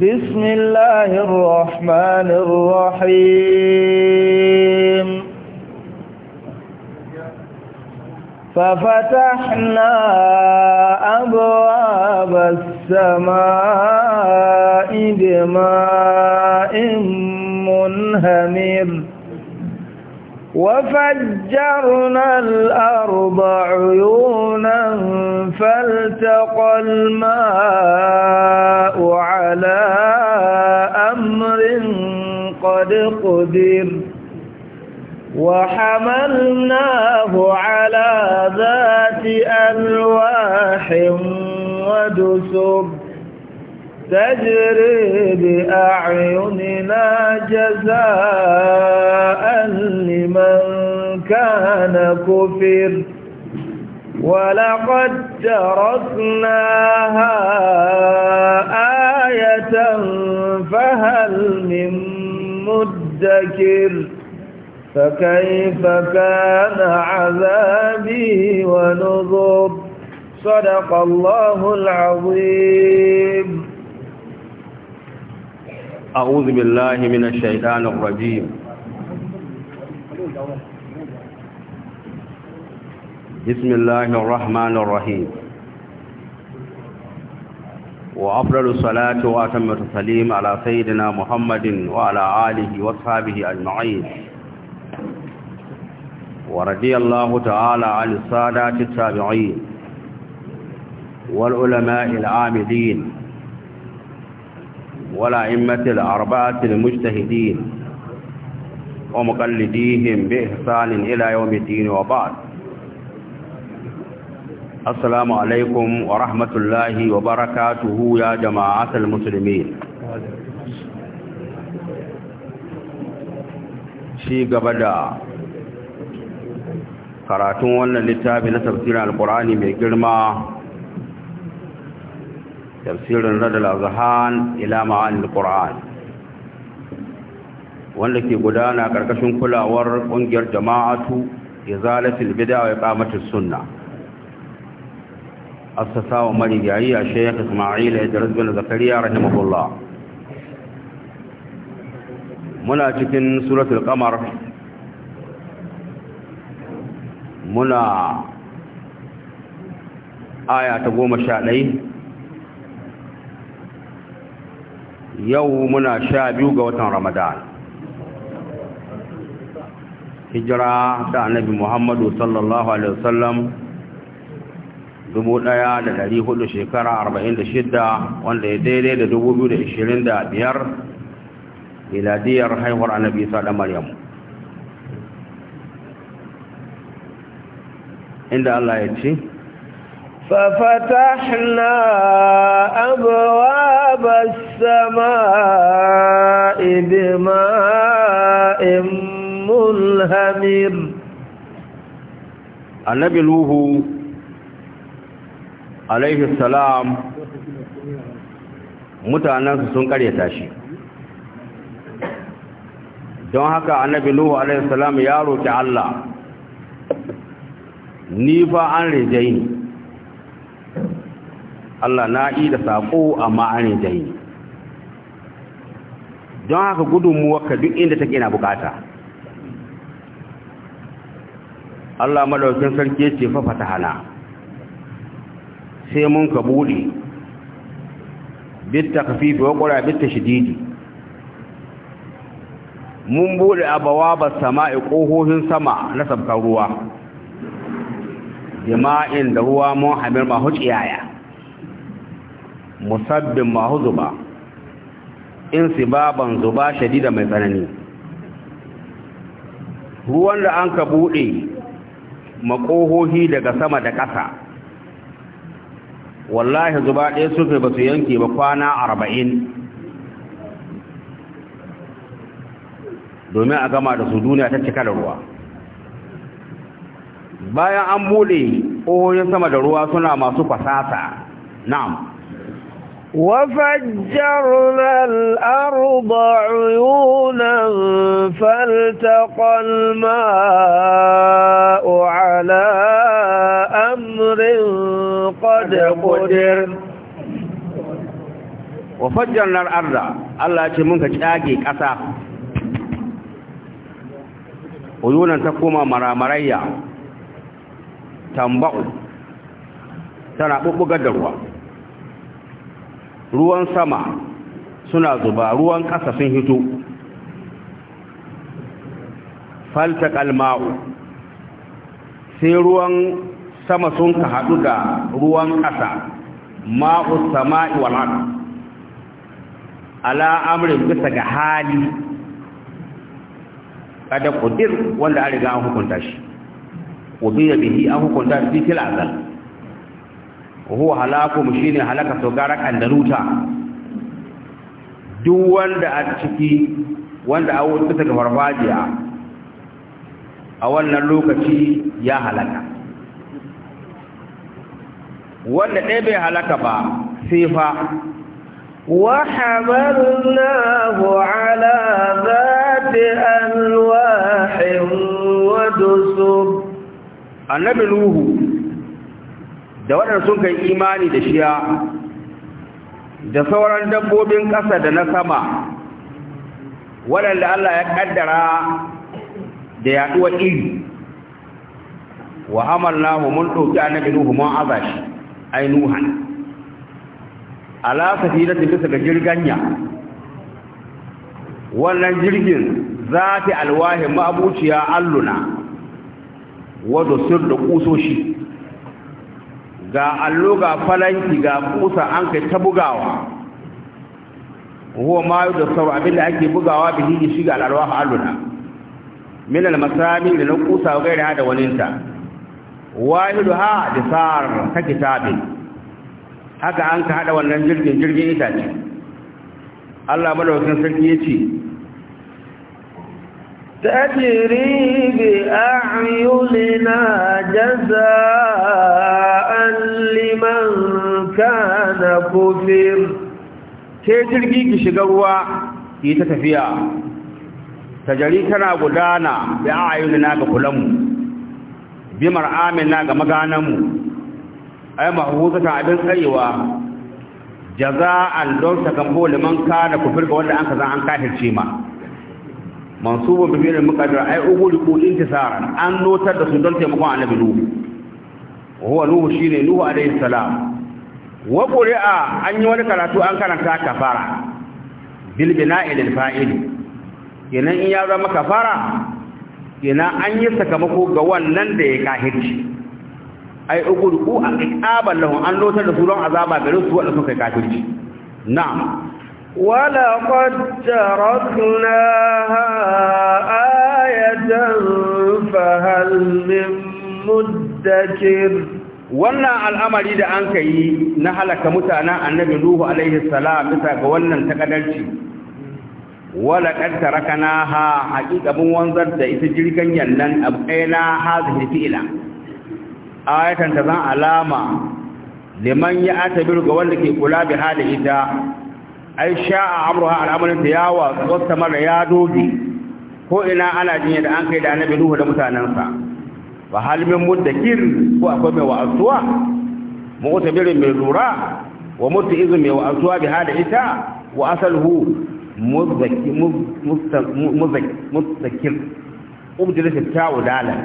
بسم الله الرحمن الرحيم ففتحنا أبواب السماء بماء منهمر وفجرنا الأرض عيونا فالتقى الماء على أمر قد قدر وحملناه على ذات ألواح ودسر تجري بأعيننا جزاء لمن كان كفر ولقد تركناها آية فهل من مدكر فكيف كان عذابي ونذر صدق الله العظيم أعوذ بالله من الشيطان الرجيم بسم الله الرحمن الرحيم وأفضل الصلاة وأتم التسليم على سيدنا محمد وعلى آله وصحبه أجمعين ورضي الله تعالى عن السادات التابعين والعلماء العامدين والأئمة الأربعة المجتهدين ومقلديهم بإحسان إلى يوم الدين وبعد السلام عليكم ورحمة الله وبركاته يا جماعة المسلمين شيء قبدا قرأتون wannan littafi القرآن من قرمه tafsirin radar azhan ila ma'anin qur'an wanda ke gudana ƙarƙashin kulawar ƙungiyar jama'atu izalatul bid'a wa iqamatus sunna assasawa marigayi a shaykh Isma'il Idris bin Zakariya rahimahullah muna cikin suratul qamar muna aya ta goma sha ɗaya yau muna sha biyu ga watan ramadan hijira ta annabi muhammadu sallallahu alaihi wasallam hudu shekara shida, wanda ya daidai da dubu biyu da da biyar, miladiyar haihuwar annabi isa da maryam inda allah ya ce ففتحنا أبواب السماء السماء بماء ملهمر النبي لوه عليه السلام mutanensu sun karyata shi don haka annabi Nuhu alaihi salam ya roki Allah ni fa an rijai Allah na yi da sako amma an rijai don haka gudunmuwarka duk inda take na bukata Allah madaukin sarki ya ce fafata hana sai mun ka buɗe bitta kafifi wa ƙura bitta shididi mun buɗe abawa ba sama'i ƙohohin sama na sabkar ruwa jima'in da ruwa mun hamir mahu tsiyaya musabbin mahu zuba in baban zuba shadida mai tsanani ruwan da an ka buɗe makohohi daga sama da ƙasa wallahi zuba ɗaya suke ba su yanke ba kwana arba'in domin a gama da su duniya ta cika da ruwa bayan an buɗe ƙohohin sama da ruwa suna masu fasasa na'am وفجرنا الأرض عيونا فالتقى الماء على أمر قد قدر وفجرنا الأرض الله يتمنك تشاكي كسا عيونا تقوم مرامريا تنبع تنبع بقدر ruwan sama suna zuba ruwan ƙasa sun hito falta kalma'u sai ruwan sama sun ka haɗu da ruwan ƙasa ma'u sama'i ma'u ala amurin bisa ga hali kada ƙudir wanda a riga an hukunta shi ƙudir bihi an hukunta shi fil azal huwa halakum shine halaka to gara kandaruta duk wanda a ciki wanda a wuce daga farfajiya a wannan lokaci ya halaka wanda ɗaya bai halaka ba sai fa ala zati alwahin wa ودسر annabi ruhu da waɗanda sun kai imani da shiya da sauran dabbobin ƙasa da na sama waɗanda Allah ya ƙaddara da yaɗuwa iri wa hamallahu mun ɗauki annabi Nuhu mun azashi ai Nuhan ala safinati bisa ga jirganya wannan jirgin zati alwahi ma'abuciya alluna wadda sun da kusoshi ga allo ga falanki ga kusa an kai ta bugawa huwa ma da sau abinda ake bugawa bihi hiji shiga al'arwa alluna min al-masami da na kusa gaira da waninta wahidu ha da sar ta kitabe? haka an ka hada wannan jirgin jirgin itace Allah madaukakin sarki yace تجري بأعيننا جزاء kofir sai jirgi ki shiga ruwa ki ta tafiya tajari tana gudana da ayyuna ga kulanmu bi mar'amina ga magananmu ay ta abin tsayewa jaza'an don kambo liman da kufur ga wanda an kaza an kafirce ma mansubun bi fi'il muqaddar ay ughliqu intisaran an notar da su don taimakon annabi nuhu huwa nuhu shine nuhu alayhi salam wa ƙuri'a an yi wani karatu an karanta kafara bilbina ilil fa'il kenan in ya zama kafara kenan an yi sakamako ga wannan da ya kahirci ai ugudu a ƙaƙaban lahu an lotar da suron azaba garin su wanda suka kahirci na'am ولقد ayatan fa hal من muddakir wannan al'amari da an ka yi na halaka mutanen annabi Nuhu alaihi salam bisa ga wannan takadarci wala kad tarakana ha wanzar da ita jirgan yannan abqaina hadhihi fi'la ayatan ta zan alama liman ya atabiru ga wanda ke kula bi hali ita ai sha'a amruha al'amarin ta yawa wasta mara ya doge ko ina ana jinya da an kai da annabi Nuhu da mutanansa ba halmin muddakir ko akwai mai wa'azuwa mu'tabirin mai lura wa mutu'izu mai wa'azuwa bi hada ita wa asalhu muzdaki muzdaki muzdakir ubdila tawu dala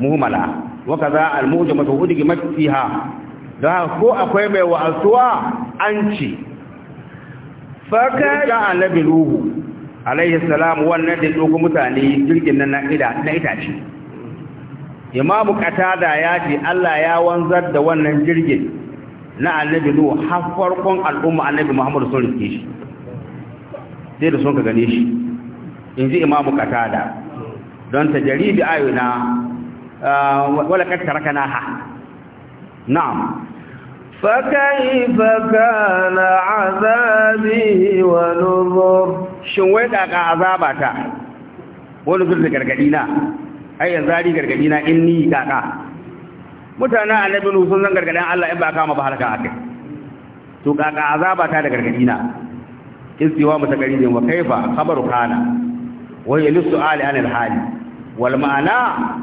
muhmala wa kaza al-mu'jamatu udgimat fiha da ko akwai mai wa'azuwa an ci fakar da annabi ruhu alaihi salam wannan da dogo mutane jirgin nan na ida na itace imamu Katada ya ce Allah ya wanzar da wannan jirgin na annabi nuhu har farkon al'umma annabi Muhammad sun rike shi sai da sun ka gane shi ji imamu Katada. don ta tajribi ayuna uh, wala kad tarakanaha na'am فكيف كان عذابي ونذر شوية عذابك ونذر لك رجعينا ai yanzu ari gargadi na in ni kaka mutanen annabi nu sun san gargadin Allah in ba kama ba halaka akai to kaka azaba ta da gargadi na istiwa mutaqarribin wa kaifa khabaru kana wa yalisu ali anil hali wal ma'ana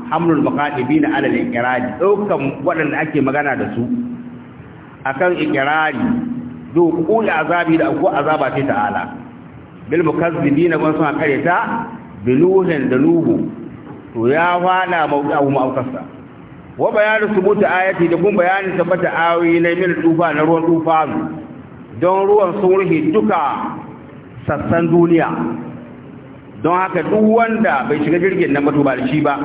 hamlul maqatibin ala al iqrari daukan wadanda ake magana da su akan iqrari do kula azabi da ko azaba ta ta'ala bil mukazzibin wa sun kareta biluhin da nuhu to ya fada mawdahu ma'aukarsa wa bayanin subuta ayati da kuma bayanin tabbata ayoyi na min dufa na ruwan dufa don ruwan sulhi duka sassan duniya don haka duk wanda bai shiga jirgin nan ba da shi ba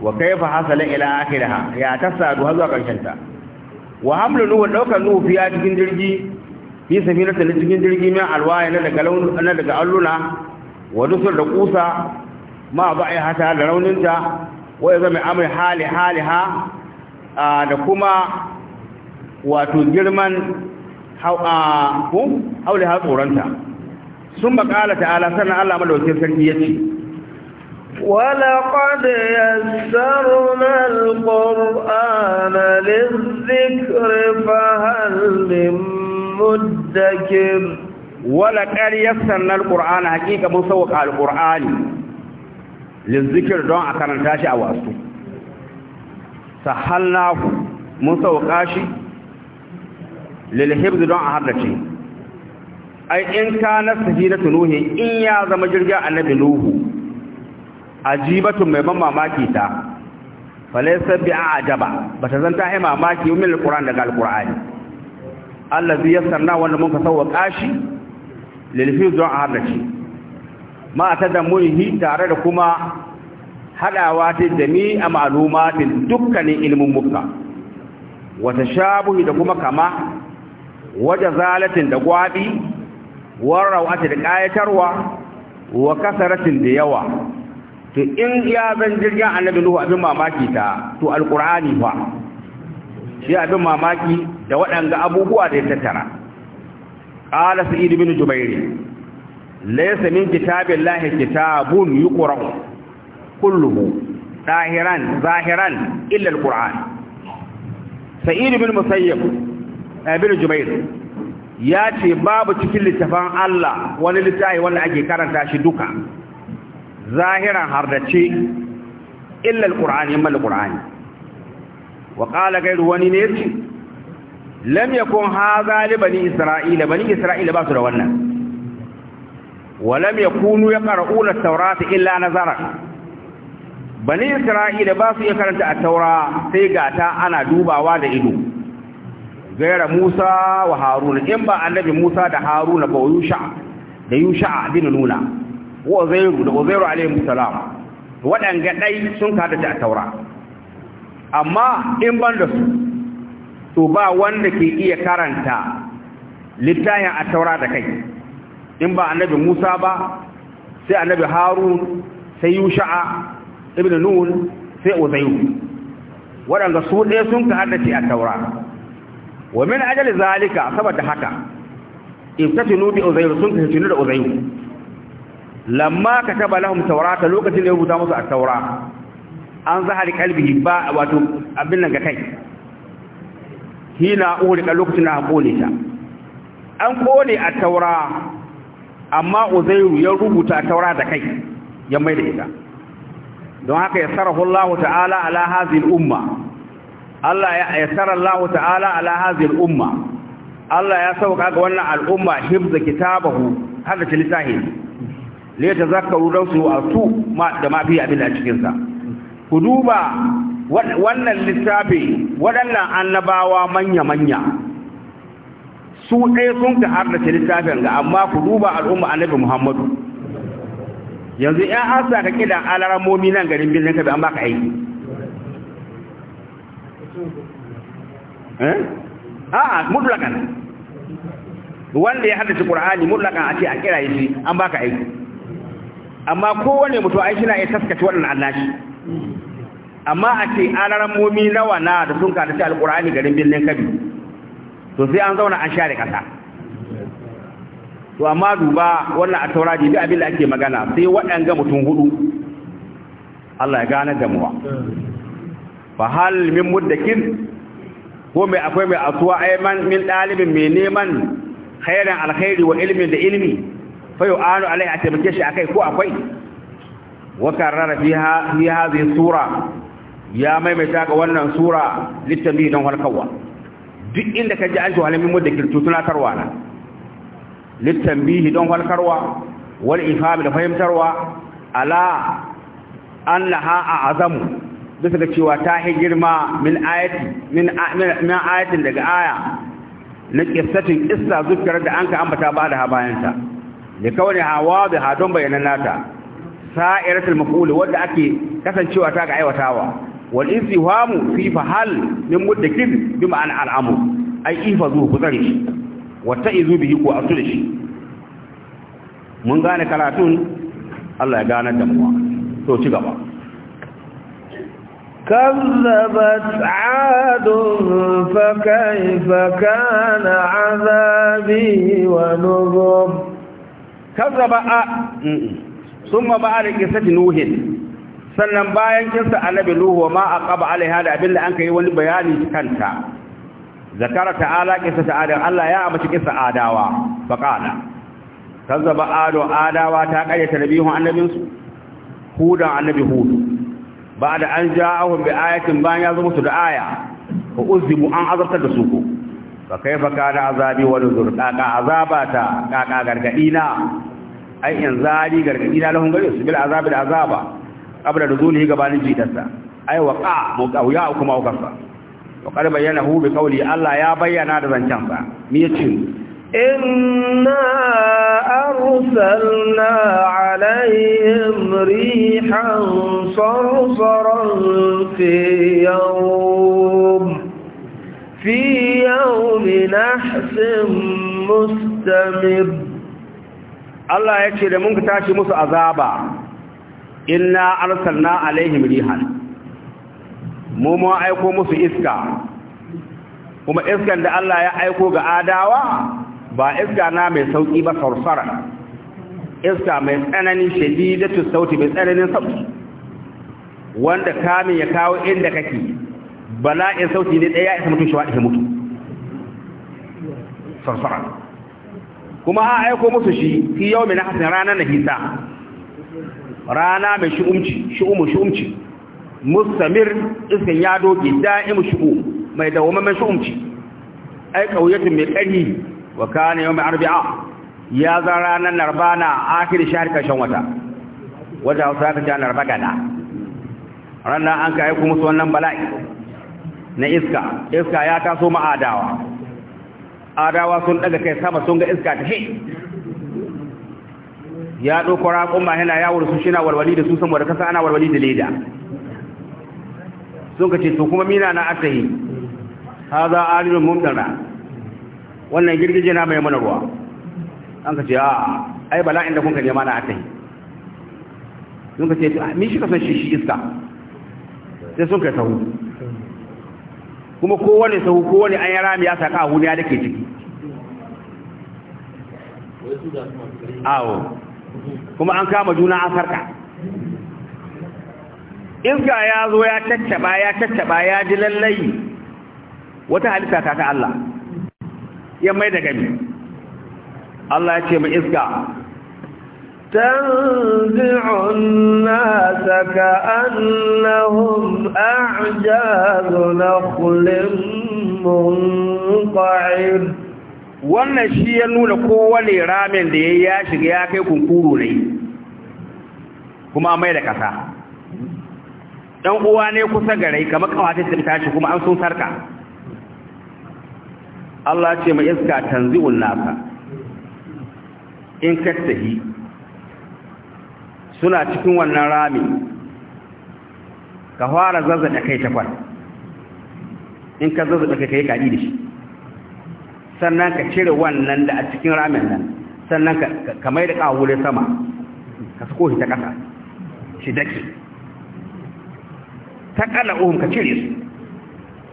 wa kaifa hasala ila akhiraha ya tasadu har zuwa karshen ta wa hamlu nuhu daukar nuhu fiya cikin jirgi fi safinata na cikin jirgi mai alwaya na daga alluna wa dusul da kusa ما ضعيها تهال لون انت ويضم أمر حالي حالها آه، لكما وتجرما أو آه، لها طورنت ثم قال تعالى سنة الله ملو تفكيتي ولقد يسرنا القرآن للذكر فهل من مدكر ولقد يسرنا القرآن حقيقة مصوق على القرآن lizikir don a karanta shi a wasu sahalna mun sauka shi lilhibz don a haddace ai in kana sahiratu nuhi in ya zama jirgin annabi nuhu ajibatu mai ban mamaki ta falaysa bi ajaba bata zanta ai mamaki min Allah daga alqurani allazi yassarna wanda mun don a ma ta zamurihi tare da kuma hadawa ta jami'a ma'lumatin dukkanin ilmin mukka wa tashabuhi da kuma kama waje zalatin da gwabi warrawati da kayatarwa wa kasaratin da yawa to in ya zan jirgin annabi nuhu abin mamaki ta to alqur'ani fa shi abin mamaki da waɗanga abubuwa da ya tattara qala sa'id ibn jubairi laysa min kitabillahi kitabun yuqra'u kulluhu zahiran zahiran illa alquran Sa'idu bin musayyib eh, ibn jubair ya ce babu cikin littafan Allah wani littafi wanda ake karanta shi duka zahiran hardace illa alqur'ani amma alqur'ani wa qala gairu wani ne yace lam yakun hadha li bani isra'ila bani isra'ila ba su da wannan walam yakunu yaqra'una at-taurata illa nazara bani isra'ila ba su iya karanta at-taura sai gata ana dubawa da ido gaira Musa wa Harun in ba annabi Musa da Harun ba Yusha da Yusha bin Nuna wa Uzairu da Uzairu alaihi salam waɗanga dai sun kada ta taura amma in ban da su to ba wanda ke iya karanta littafin a taura da kai in ba annabi Musa ba sai annabi Harun sai Yusha'a ibn Nun sai Uzayyu waɗanda su ɗaya sun ka haddace a taura wa min ajali zalika saboda haka iftatinu bi Uzayyu sun ka tunu da Uzayyu lamma kataba lahum tawrata lokacin da ya rubuta musu a taura an zahari kalbihi ba wato abin nan ga kai hina uhri lokacin da ha kone ta an kone a taura amma uzairu ya rubuta taura da kai ya mai da ita don haka ya sarahu Allah ta'ala ala umma Allah ya yassara Allah ta'ala ala umma Allah ya sauka ga wannan al'umma hibza kitabahu hada ta littahi le ta zakaru dan su da ma fi abin a cikinsa. ku duba wannan littafi waɗannan annabawa manya manya su ɗaya sun ka harnace littafin ga amma ku duba al'umma annabi muhammadu yanzu ya an sa ka kidan alaramomi nan garin birnin kabi an ka aiki eh a'a mutlakan wanda ya haddace qur'ani mutlakan a ce a kira shi an ba ka aiki amma kowane mutum aiki na ya taskace wannan annashi amma a ce alaramomi nawa na da sun ka ta alqur'ani garin birnin kabi to sai an zauna an share kasa to amma duba wannan a taurari duk abin da ake magana sai waɗanga mutum hudu Allah ya gane muwa fa hal min muddakin ko mai akwai mai asuwa ayman min dalibin mai neman khairan alkhairi wa ilmin da ilmi fa yu'anu alai a taimake shi akai ko akwai wa karrara fiha fi hadhihi sura ya maimaita ga wannan sura littamin don halkawa duk inda ka ji an ji halamin da to tunatarwa na bihi don walkarwa wal ifami da fahimtarwa ala a a'zamu bisa ga cewa ta hi girma min ayati min ayatin daga aya na qissatin issa zukar da an ka ambata ba da bayanta da kawai hawa da hadon bayanan nata sa'iratul maf'ul wanda ake kasancewa ta ga aiwatawa wal izdihamu fi fahal min muddakir bi ma'ana al'amu ai ifazu ku tsare shi wata izu bihi ku asu da shi mun gane karatun Allah ya gane da mu ci gaba كذبت عاد فكيف كان عذابي ونذر كذب ثم بعد قصة نوح sannan bayan kinsa annabi Nuhu ma aqaba alaiha da abin da an kai wani bayani kanta zakara ta'ala kinsa ta'ada Allah ya amince kinsa adawa faqala kazzaba ado adawa ta kare tarbihun annabin su hudan annabi hudu ba'da an ja'ahu bi ayatin bayan ya zo musu da aya fa uzibu an azabta da su ko fa kaifa kana azabi wa nuzur kaka azabata kaka na ai yanzu ali na lahun gare su bil azabi da azaba qabla nuzulihi gabanin jidarsa ay waqa mawqi'a kuma waqa wa qad bayyanahu bi qawli Allah ya bayyana da zancan sa me yace inna arsalna alaihim rihan sarsaran fi yawm في يوم نحس مستمر Allah ya ce da mun ka tashi musu azaba inna arsalna alaihim rihan mu mu aiko musu iska kuma iskan da Allah ya aiko ga adawa ba iska na mai sauki ba sarsara iska mai tsanani shadidatu sauti mai tsananin sauti wanda kamin ya kawo inda kake bala'in sauti ne daya isa mutum shiwa isa mutu sarsara kuma a aiko musu shi fi yau mai na hasin ranar na hisa rana mai shi'umci shi'umu shi'umci mustamir iskan ya doge da'imu shi'u mai dawamamman shi'umci ai kauyatin mai ƙari wa kana yawm arba'a. ya zan ranar narba na akiri ka shan wata wata hausa ta ce narba gada ranar an ka ku musu wannan bala'i na iska iska ya taso ma'adawa adawa sun daga kai sama sun ga iska ta he ya ɗauko raƙumma yana yawon su shi na walwali da su da kasa ana walwali da leda sun ka ce to kuma mina na aka yi ha za a alimin mumdana wannan girgije na mai manarwa an ka ce a ai inda kun ka nema na aka yi sun ka ce mi shi kasan shi shi iska sai sun kai sahu kuma kowane sahu kowane an yi rami ya saka a huniya da ke ciki awo kuma an kama juna an farka iska ya zo ya caccaba ya caccaba ya ji lallai wata halitta ta ta Allah ya mai da gami Allah ya ce mai iska تنزع الناس كأنهم أعجاز نخل منقعد wannan shi ya nuna kowane ramin da ya ya shiga ya kai kunkuru ne kuma mai da kasa dan uwa ne kusa gare kamar kawata ta shi kuma an sun sarka Allah ce mai iska tanzi'un nasa in kattahi suna cikin wannan rami ka fara zazzaɗa kai takwar in ka zazzaɗa kai ka yi kaɗi da shi sannan ka cire wannan da a cikin ramin nan sannan ka mai da ƙawure sama ka suko shi ta ƙasa shi dake ta ƙala ohun ka cire su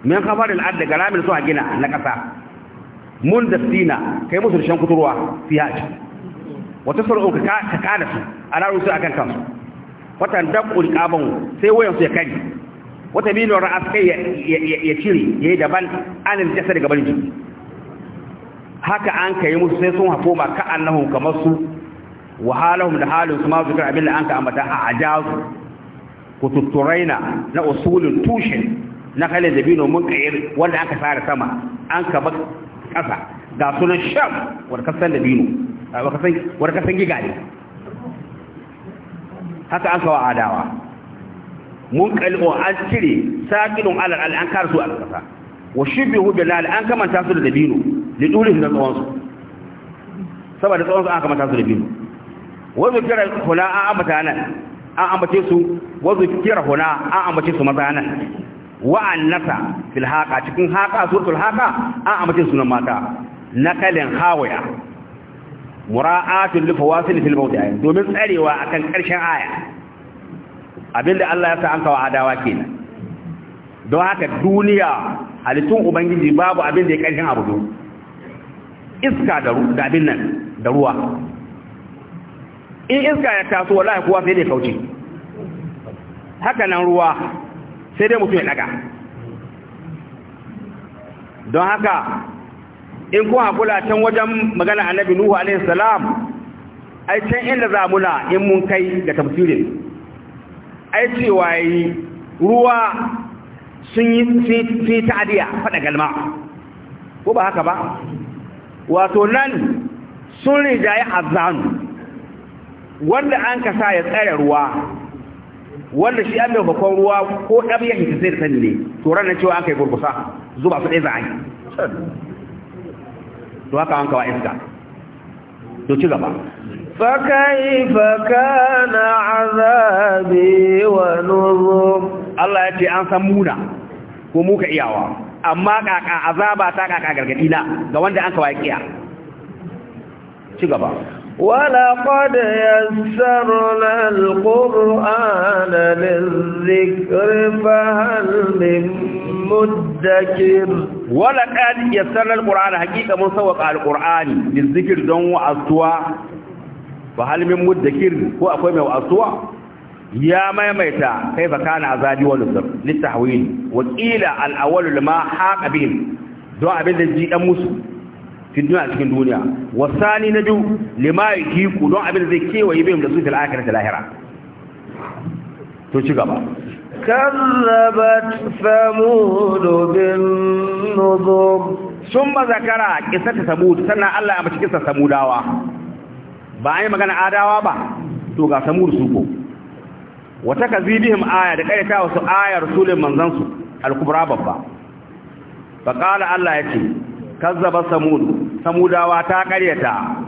min kafar al'ad daga ramin su a gina na ƙasa mun da sina kai musu shan kuturwa su ya wata sar'un ka ƙada su a rarun su a kan kansu watan dab'ul ƙaban sai wayansu ya kari wata miliyar ra'as kai ya cire ya yi daban anil jasar gaban jiki haka an ka yi musu sai sun hafo ma ka annahum kamar su wa da halin su ma zikir abin da an ka ambata a ajazu kututturaina na usulin tushen na da dabino mun kayir wanda aka sare sama an ka ba kasa ga sunan sham wanda ka san dabino wanda ka san giga ne haka an kawo adawa mun kalbo an cire sakinun alal an karasu a kasa wa shi shibihu bilal an kamanta su da dabino li durihim da tsawon su saboda tsawon su aka mata su da biyu wa zikira huna an ambata nan an ambace su wa zikira huna an ambace su maza nan wa annasa fil haqa cikin haqa suratul haqa an ambace sunan mata nakalin hawaya mura'atun li fawasil fil mawdi'ain domin tsarewa akan karshen aya abinda Allah ya sa an kawo adawa kenan don haka duniya halittun ubangiji babu abinda ya karshen abu iska da abin nan da ruwa in iska ya taso wallahi kuwa sai dai kauce haka nan ruwa sai dai mutum ya daga don haka in kun hakula can wajen magana annabi nuhu alaihi salam ai can inda za mu na in mun kai ga tafsirin ai cewa yi ruwa sun yi ta'adiya faɗa galma ko ba haka ba wato nan sun rijaye azanu wanda an ka sa ya tsare ruwa wanda shi an bakon ruwa ko ɗab ya hita sai da sani ne turan na cewa an kai gurgusa zuba su ɗaya za a yi to haka an kawa iska to ci gaba nuru. Allah ya ce an san Muna ko Muka iyawa. amma kaka azaba ta kaka gargadi na ga wanda an kawai kiya ci gaba wala qad yassarna alqur'ana lizikr fa hal min mudakkir wala qad yassarna alqur'ana haqiqa mun sawqa alqur'ani lizikr don wa'atwa fa hal min mudakkir ko akwai mai wa'atwa ya maimaita kai fa kana azabi wal zab litahwil wa qila al awwal lima haqa bihim don abin da ji dan musu fi duniya cikin duniya wa sani na biyu lima yiku don abin da zai kewaye bihim da su fil akhirati lahira to ci gaba كذبت ثمود بالنذر ثم ذكر قصة ثمود سنة الله أمشي قصة ثموداوا ba a yi magana adawa ba to ga samur su ko Wata takzibihim aya da kaita wasu ayar rasulin manzon su al-kubra babba fa qala Allah ce, kazzaba samud samudawa ta karyata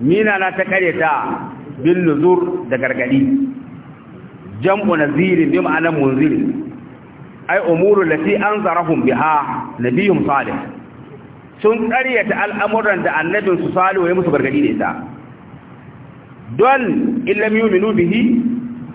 mina na ta karyata bil nuzur da gargadi jam'u nazirin bi ma'anan munziri ay umuru lati anzarahum biha nabiyum salih sun karyata al'amuran da annabin su salihu ya musu gargadi da ita don illam yu'minu bihi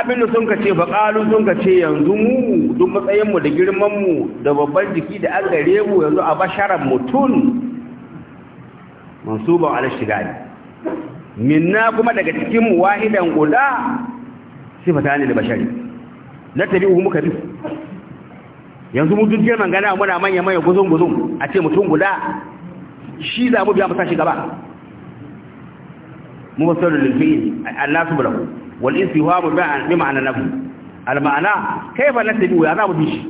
abin da sun kace ba ƙalu sun kace yanzu mu duk matsayinmu da girmanmu da babban jiki da an gare mu yanzu a basharar mutum mansuban ne. minna kuma daga cikinmu wahidan guda sifata ne da bashari na tabi uku muka bi yanzu mu duk girman gana muna manya manya guzun guzun a ce mutum guda shi za mu biya mu sashi gaba mu basarar lulfi Allah su bulaku wal insiwamu bi ma'ana nabu al ma'ana kayfa nasibu ya zamu dishi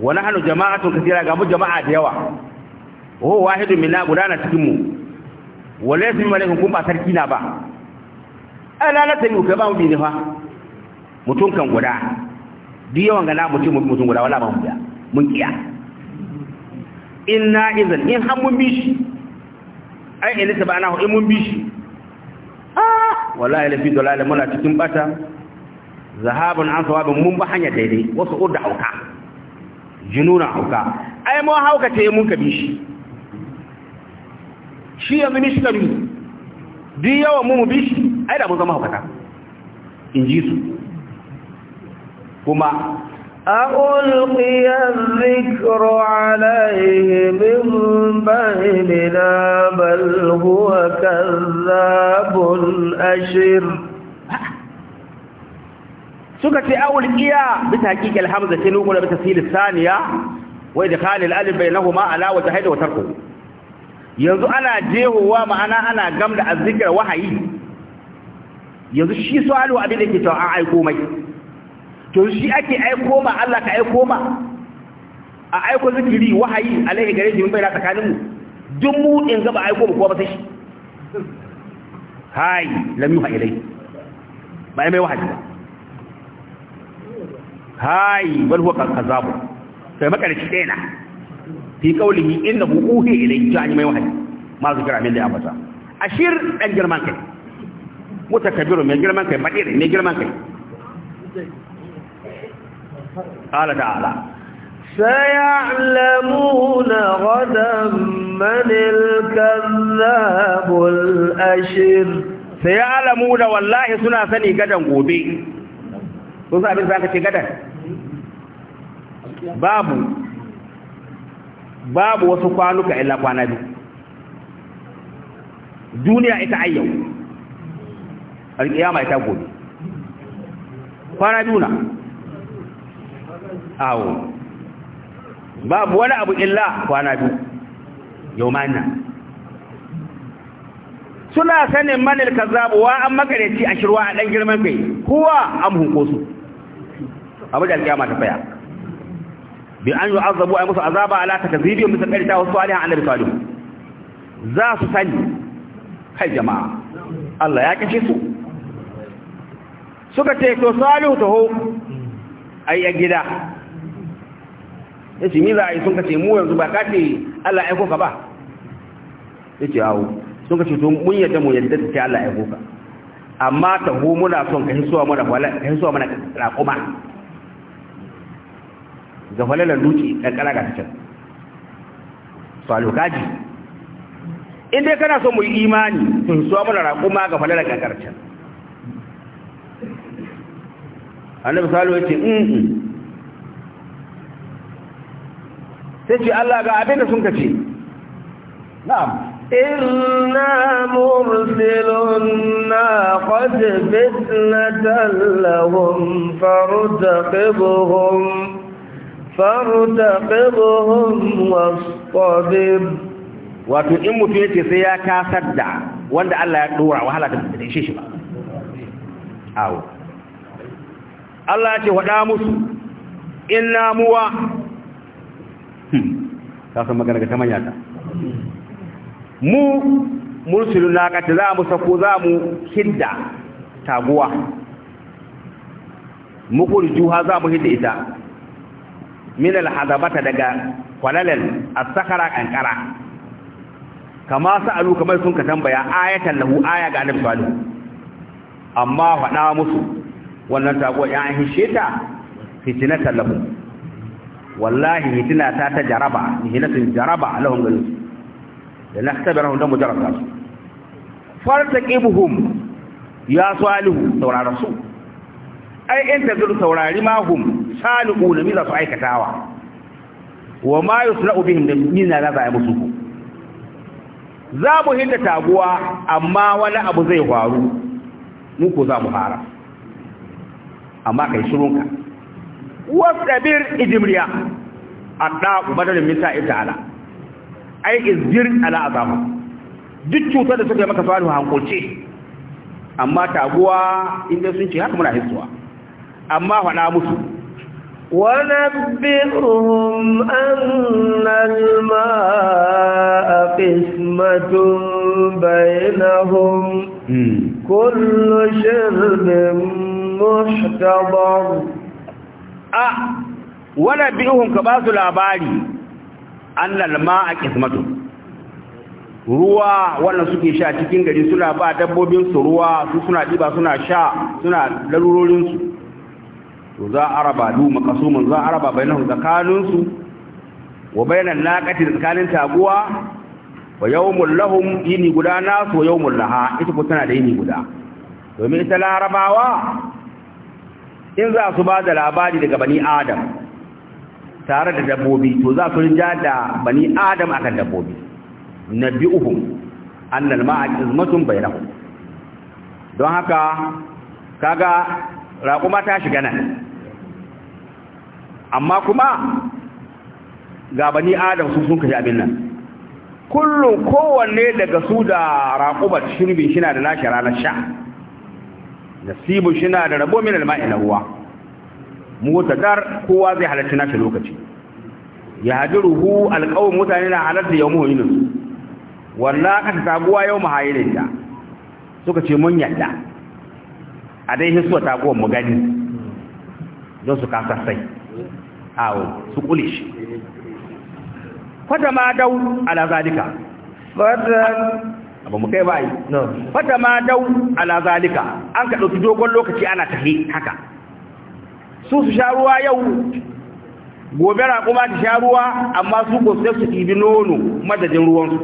wa nahnu jama'atun kathira ga mu jama'a da yawa ho wahidun minna gudana cikin mu wala yasmi malaikum kun ba sarki na ba ala na tabi ka ba mu bi ne fa mutun kan guda duk yawan ga na mutum mutun guda wala ba mu biya mun kiya inna idan in har mun bi shi ai in ba na in mun bi shi wallahi fi dalalin muna cikin bata zahaban an sawab mun ba hanya daidai wasu udda hauka jununa hauka ai mu hauka te mun ka shi shi yanzu ni shi kabi duk yawan mu mu bi shi ai da mun zama haukata in ji su kuma ألقي الذكر عليه من بيننا بل هو كذاب أشر سكة أول إياه بتحقيق الحمزة تنوكنا بتسهيل الثانية وإدخال الألف بينهما على وتحيد وتركه yanzu ana jehowa ma'ana ana gamda azzikir wahayi yanzu shi su halu abin da ke cewa an aiko mai to shi ake aiko ma Allah ka aiko ma a aiko zikiri wahayi alaihi gare shi mun bai da tsakaninmu, duk mu in gaba aiko mu ko ba sai shi hai lam yuha ilai ba mai wahayi ba hai bal huwa kazzabu sai makarci dai na fi qawlihi innahu uhi ilai to an mai wahayi ma zikira min da ya ambata ashir dan girman kai mutakabbiru mai girman kai badire mai girman kai قال تعالى سيعلمون غدا من الكذاب الأشر سيعلمون والله سنة سني غدا غوبي سنة أبن ساكتي غدا babu babu wasu kwanuka illa kwana biyu duniya ita ayyau alƙiyama ita gobe kwana biyu awo babu wani abu illa kwana biyu nan. suna sanin manil kazzabu wa an makareci a shirwa a dan girman kai kowa an hunko su abu da alƙiyama ta faya bi an yi azabu ai musu azaba ala takazibiyum bisa karita wasu alihan annabi salihu za su sani kai jama'a Allah ya kace su suka ce to salihu taho ho a gida ya ce ni za yi sun kace mu yanzu ba kace Allah aiko ka ba ya ce awo sun kace to mun yadda mu yadda ta ce Allah aiko ka amma ta hu muna son ka hisuwa mana wala ka hisuwa mana raƙuma ga falalar duki kankana ga cikin salukaji in dai kana son mu yi imani to hisuwa mana raƙuma ga falalar kankarcin annabi salo ya ce in sai ce Allah ga abin da sun ka ce na'am inna mursilun naqat fitnatan lahum wato in mutum yake sai ya kasar da wanda Allah ya dora wahala ta da shi ba awo Allah ya ce wada musu inna muwa ka san magana ga ta manya ta mu mursilu naqati za mu sako za mu hidda taguwa juha za mu hidda ita min hadabata daga kwalalal as-sakhara kankara kama sa'alu kamar sun ka tambaya ayatan lahu aya ga annabi sallallahu amma faɗa musu wannan taguwa ya an hishe ta lahu wallahi hitina ta ta jaraba hitinatun jaraba lahum gani da na tabarahum da mujarraba su fartaqibuhum ya salihu saurara su ai in zuru saurari ma hum salihu lami za su aikatawa wa ma yusla'u bihim da mina za a yi musu za mu hinda taguwa amma wani abu zai faru muku ko za mu fara amma kai shirunka wasabir ijimriya adda badalin min sa'i ta'ala ai izjir ala azama duk cutar da suka yi maka faru hankulce amma taguwa inda sun ce haka muna hisuwa amma faɗa musu ونبئهم أن الماء قسمة بينهم كل شرب محتضر a wala bi'uhum ka ba su labari annal ma'a qismatu ruwa wannan suke sha cikin gari suna ba dabbobin su ruwa su suna diba suna sha suna larurorin su to za araba du makasumun za araba bainahum zakalun su wa bainan naqati zakalin taguwa wa yawmul lahum yini guda nasu wa yawmul laha ita ko tana da yini guda domin ita larabawa in za su ba da labari daga bani adam tare da dabbobi to za su rinja da bani adam akan dabbobi nabi'uhum annal ma'a izmatun bainahum don haka kaga raƙuma ta shiga nan amma kuma ga bani adam su sun kashi abin nan kullum kowanne daga su da raƙubar shirbin shina da nashi ranar sha nasibu shi na da rabo min alma'i na ruwa mota dar kowa zai halarci nashi lokaci ya hadiruhu alƙawar mutane na halatta yau muhimmin walla ka taguwa yau mahayirinta suka ce mun yadda a dai hisuwa taguwan mu gani don su kasa sai awo su kule shi kwata ma dau ala zalika ba mu kai bayi fata ma dau ala zalika an ka dauki dogon lokaci ana tahi haka su su sha ruwa yau gobe kuma ta sha ruwa amma su ko sai su ibi nono madadin ruwansu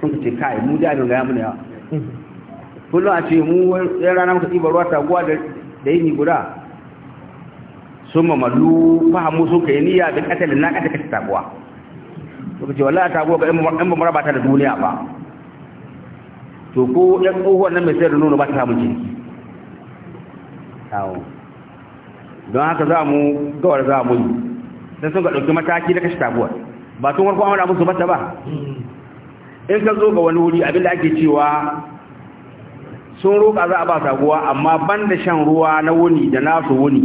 sun ka ce kai mu da ga mu ne yawa mm-hmm. kullum a ce mu yan rana muka ibi ruwa taguwa da yini guda sun mamallu fahimu sun kai niyya da katalin na kata kata taguwa suka ce wallahi ta goga in ba mu raba ta da duniya ba to ko ɗan tsohuwar nan mai sayar da nono ba ta samu ciki kawo don haka za mu gawar za mu yi sai sun ga ɗauki mataki na kashe taguwar ba tun warko amara musu bata ba in ka zo ga wani wuri da ake cewa sun roƙa za a ba taguwa amma ban da shan ruwa na wuni da nasu wuni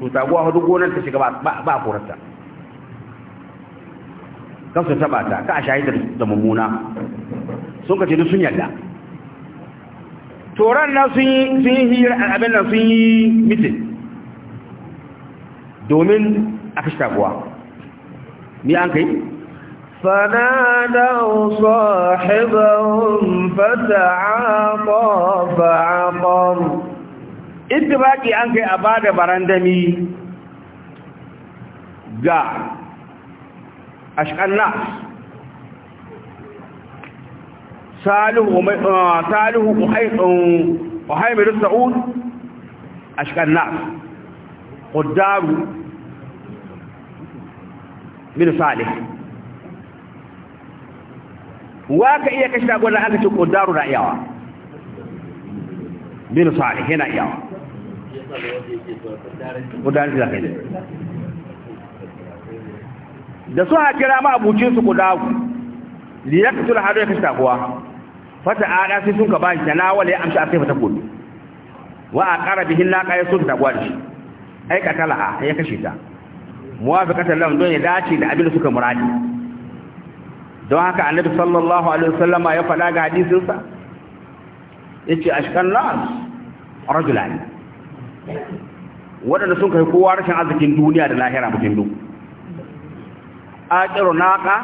to taguwa hudu gonar ta shiga ba a korarta kan su taba ta ka a shahidar da mummuna sun ka ce duk sun yarda toron na sun yi hira abin nan sun yi mitin domin a fi shaguwa ni an kai فنادوا صاحبهم فتعاطى فعقر اتباقي أنك أباد برندمي ga أشقنا ساله آه، ساله وحيم آه، الرسعود أشقنا قدام من صالح واك إيا كشتا قولنا أنك تقدار رأيها من صالح هنا إياه قدار الزاقين da su ha kira ma abucin su kudagu li yaqtul ya yakashi takuwa. fata a ada sai sun ka bashi tana wala ya amshi asai fata kudu wa aqara bihi laqa ya sun taguwa shi ai katala ya kashe ta muwafiqatan lahum don ya dace da abin da suka muradi don haka annabi sallallahu alaihi wasallam ya fada ga hadisin sa yace ashkan nas rajulan wadanda sun kai kowa rashin arzikin duniya da lahira mutum duk aqiru naqa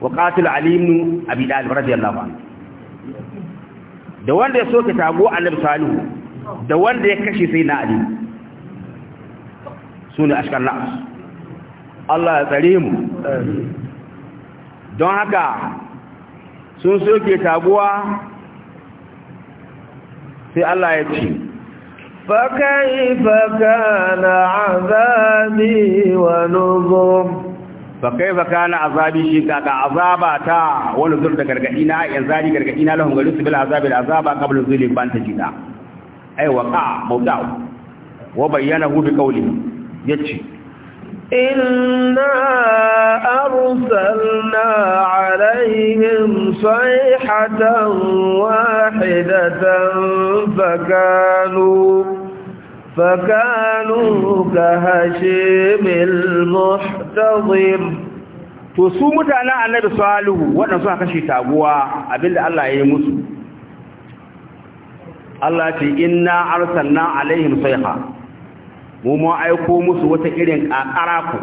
wa qatil ali ibn abi talib radiyallahu anhu da wanda ya soke tago annabi salihu da wanda ya kashe sai na ali sune ashkan na'as Allah ya tsare mu don haka sun soke taguwa sai Allah ya ce فكيف كان عذابي ونظر فكيف كان عذابي شيكا عذابا تا ونزل تكركينا ينزل تكركينا لهم قلوس بالعذاب العذاب قبل نزول بانتجينا أي وقع موضع وبيانه بقوله يتشي إنا أرسلنا عليهم صيحة واحدة فكانوا فكانوا كهشيم المحتضر to su mutanen annabi salihu waɗanda suka kashe taguwa abinda Allah ya yi musu Allah ce inna arsalna alaihim sayha mu mu musu wata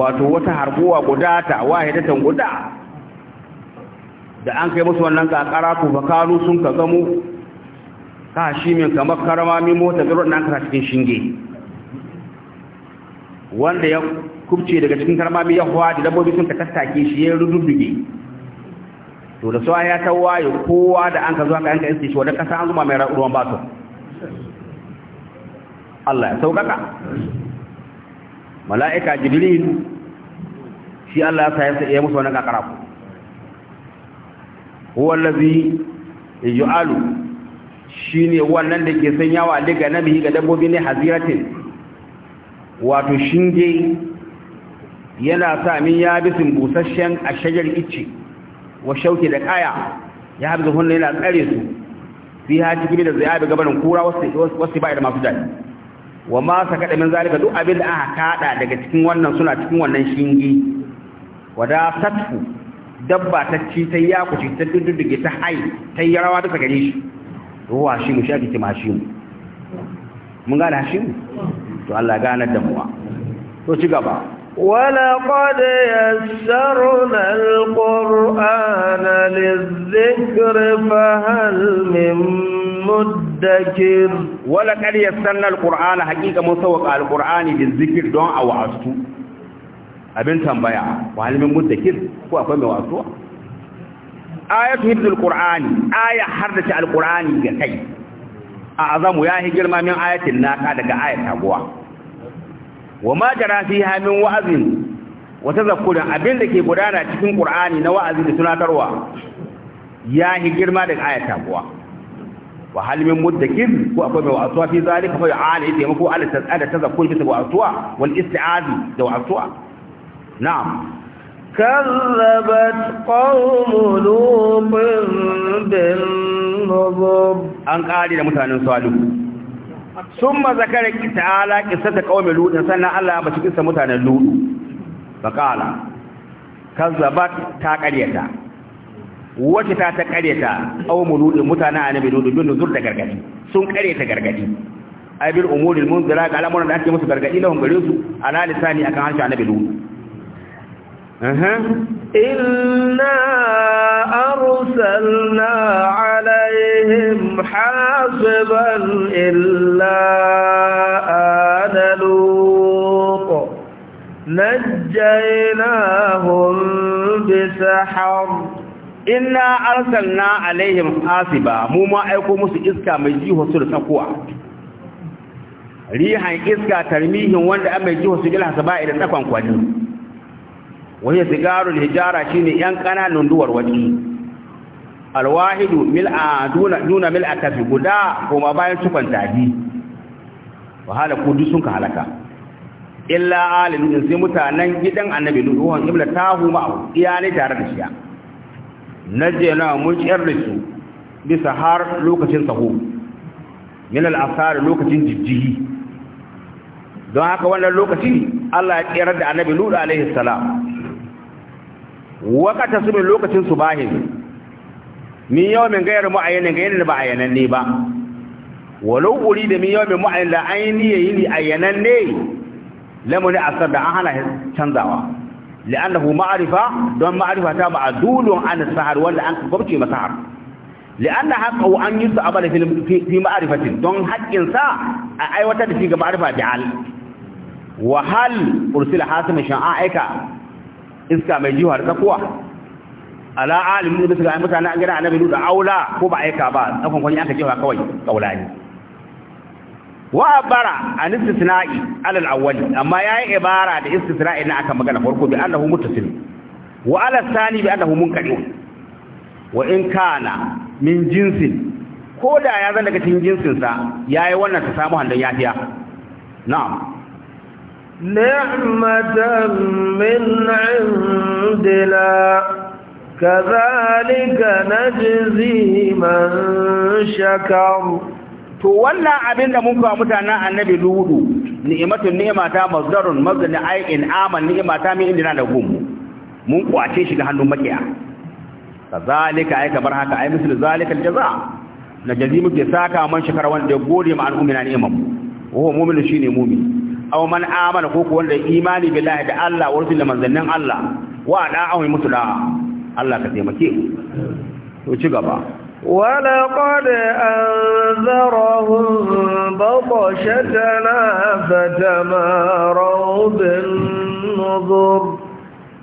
wato wata harbuwa guda ta wahidatan guda da an kai musu wannan kakara fa kanu sun ka gamu ka shi min kamar karamamin mota birnin nan kasa cikin shinge wanda ya kubce daga cikin karmamin ya huwa da dabbobi sun ka tattake shi ya rududduge to da suwa ya ta wayo kowa da an ka zuwa ka yanka iske shi wadda kasa an zuma mai ruwan bato Allah ya saukaka mala'ika jibril shi Allah ya sa ya musu wannan kakara ku huwa allazi yaj'alu Shi ne wannan da ke sanyawa liga na biyu ga dabbobi ne haziratin wato shinge yana sa min ya sun busasshen a shajar icce wa shauke da kaya ya haɗu hunna yana tsare su fi ha ciki da zai gabanin kura wasu ba da masu dadi wa ma kaɗamin da min zalika duk abin da aka kaɗa daga cikin wannan suna cikin wannan shinge wada satfu dabba ta ci ta ya ta dudduge ta hai ta yi rawa ta gare shi ruwa hashimu shi ake ce hashimu mun gane hashimu to Allah gane da muwa to ci gaba ولقد يسرنا القرآن للذكر فهل من مدكر ولقد يسرنا القرآن حقيقة مسوق القرآن للذكر دون أو عصو abin tambaya wa halimin muddakir ko akwai mai wasuwa ayatu hibdul qur'ani aya haddace alqur'ani ga kai a azamu ya hi girma min ayatin naka daga ayata taguwa wa ma jara fiha min wa'azin wa tazakkurin abin da ke gudana cikin qur'ani na wa'azi da tunatarwa ya hi girma daga ayata taguwa wa hal min muddakir ko akwai mai wa'atuwa fi zalika fa ya'ali da taimako ala tazada tazakkur bisa wa'atuwa wal isti'azi da wa'atuwa na'am كذبت قوم لوط بالنظر ان قال لمتان صالح ثم ذكر تعالى قصه قوم لوط سنة الله بشكل متان لوط فقال كذبت تاكريتا wace ta ta kareta aw muludin mutana annabi lulu bin nuzur da gargadi sun kareta gargadi abil umuril munzira ga al'amuran da ake musu gargadi lahum gare su ala lisani akan harshe annabi inna arsalna alaihim hasiban illa adaluq najjaynahum bisahar inna arsalna alaihim hasiba mu ma aiko musu iska mai jiho su da tsakuwa rihan iska tarmihin wanda an mai jiho su bil hasaba idan tsakon kwani wani sigarun hijara shine yan ƙananan duwar wani alwahidu mil'a duna duna mil'a tafi guda kuma bayan cikon taji wahala Kudu sun ka halaka illa alin lutun sai mutanen gidan annabi lutun ibla tahu iya ne tare da shiya jena mun ciyar da su bisa har lokacin sahu min al'asar lokacin jijjihi don haka wannan lokaci Allah ya ƙirar da annabi nuna alaihi salam wakata su lokacin su subahin min yawmin gairu mu'ayyanin ga yadda ba ayyanan ne ba walau uri da min yawmin mu'ayyan da ya yi ni ayyanan ne lamuni asar da an hana canzawa li'annahu ma'arifa don ma'arifa ta ma'dulun an sahar wanda an gwabce masahar li'anna haqqahu an yi su yusu abala fi ma'arifatin, don haƙƙin sa a aiwatar da shi ga ma'arifa ma'rifa bi'al wa hal ursila hasimin shan'a aika iska mai jiwa da tsakuwa ala alimin da suka mutane an gina annabi da aula ko ba aika ba tsakon kwanye aka jiwa kawai kaulani wa abara an istisna'i alal awwali amma yayi ibara da istisna'i na aka magana farko bi annahu muttasil wa ala thani bi annahu munqadi wa in kana min jinsin ko da ya zan daga cikin jinsinsa yayi wannan ta samu handan yafiya na'am نعمة من عندنا كذلك نجزي من شكر to wannan abin da mun kawo mutanen annabi ludu ni'matun ni'mata mazdarun mazdar ai in aman ni'mata min indina da gumu mun kwace shi ga hannun makiya kazalika ai kamar haka ai misal zalika aljaza na jazimu bi saka man shakara wanda ya gode ma al'umina ni'mam wa huwa mu'minu shine mu'min aw man amana ko wanda imani billahi da Allah wa rasulun manzannin Allah wa da aw musula Allah ka taimake to ci gaba wala qad anzarahum baqashatana fatamaraw bin nuzur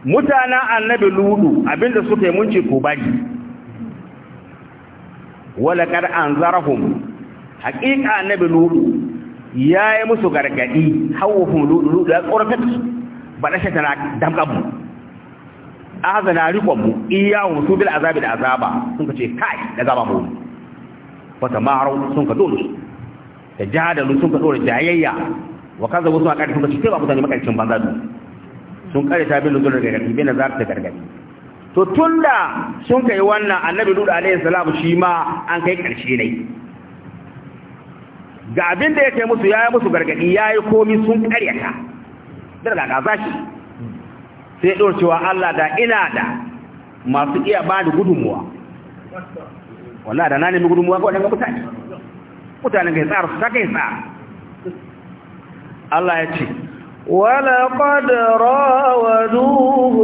mutana annabi ludu abinda suke mun ci ko baji wala qad anzarahum haqiqa annabi ludu ya yi musu gargadi hawafin lulu da tsoratar su ba da shatana damkanmu a hazana rikonmu iya su bil azabi da azaba sun ka ce kai da zaba mu wata maharau sun ka dole da jihadalu sun ka dole jayayya wa kaza wasu a sun ka ce ba mutane makarcin banza du sun ƙare ta bin lulu gargadi bin azab ta gargadi to tunda sun kai wannan annabi lulu alaihi salamu shi ma an kai ƙarshe ne ga abin da ya kai musu ya yi musu gargadi ya yi komi sun karyata daga kaza shi sai ɗor cewa Allah da ina da masu iya ba da gudunmuwa wallah da na nemi gudunmuwa ga waɗanda mutane mutane ga tsara su saka tsara Allah ya ce duhu ولقد راودوه